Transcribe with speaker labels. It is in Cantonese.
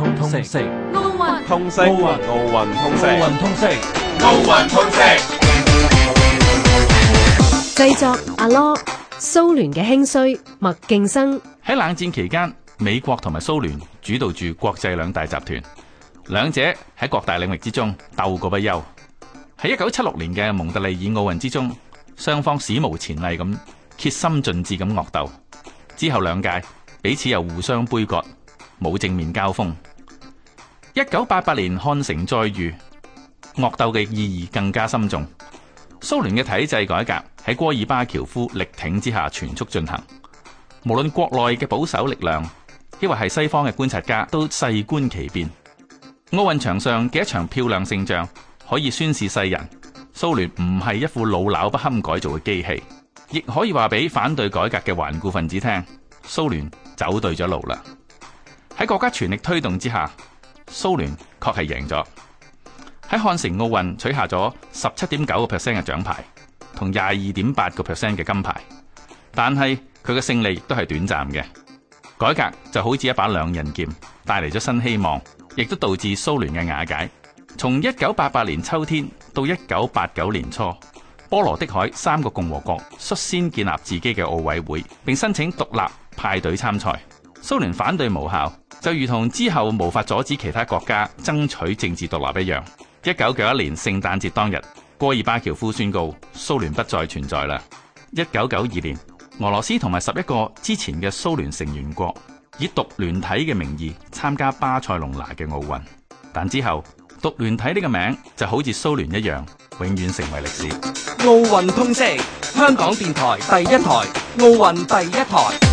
Speaker 1: 通通奧運奧運奧運通識奧運通識奧運通識，製作阿羅。蘇聯嘅興衰，麥敬生。喺冷戰期間，美國同埋蘇聯主導住國際兩大集團，兩者喺各大領域之中鬥個不休。喺一九七六年嘅蒙特利爾奧運之中，雙方史無前例咁竭心盡志咁惡鬥。之後兩屆，彼此又互相杯葛，冇正面交鋒。一九八八年漢城再遇，惡鬥嘅意義更加深重。蘇聯嘅體制改革喺戈爾巴喬夫力挺之下全速進行。無論國內嘅保守力量，亦或係西方嘅觀察家，都細觀其變。奧運場上嘅一場漂亮勝仗，可以宣示世人，蘇聯唔係一副老朽不堪改造嘅機器；亦可以話俾反對改革嘅頑固分子聽，蘇聯走對咗路啦。喺國家全力推動之下，蘇聯確係贏咗，喺漢城奧運取下咗十七點九個 percent 嘅獎牌和同廿二點八個 percent 嘅金牌。但係佢嘅勝利亦都係短暫嘅。改革就好似一把兩刃劍，帶嚟咗新希望，亦都導致蘇聯嘅瓦解。從一九八八年秋天到一九八九年初，波羅的海三個共和國率先建立自己嘅奧委會，並申請獨立派隊參賽。蘇聯反對無效，就如同之後無法阻止其他國家爭取政治獨立一樣。一九九一年聖誕節當日，戈爾巴喬夫宣告蘇聯不再存在啦。一九九二年，俄羅斯同埋十一個之前嘅蘇聯成員國以獨聯體嘅名義參加巴塞隆拿嘅奧運，但之後獨聯體呢個名字就好似蘇聯一樣，永遠成為歷史。奧運通識，香港電台第一台，奧運第一台。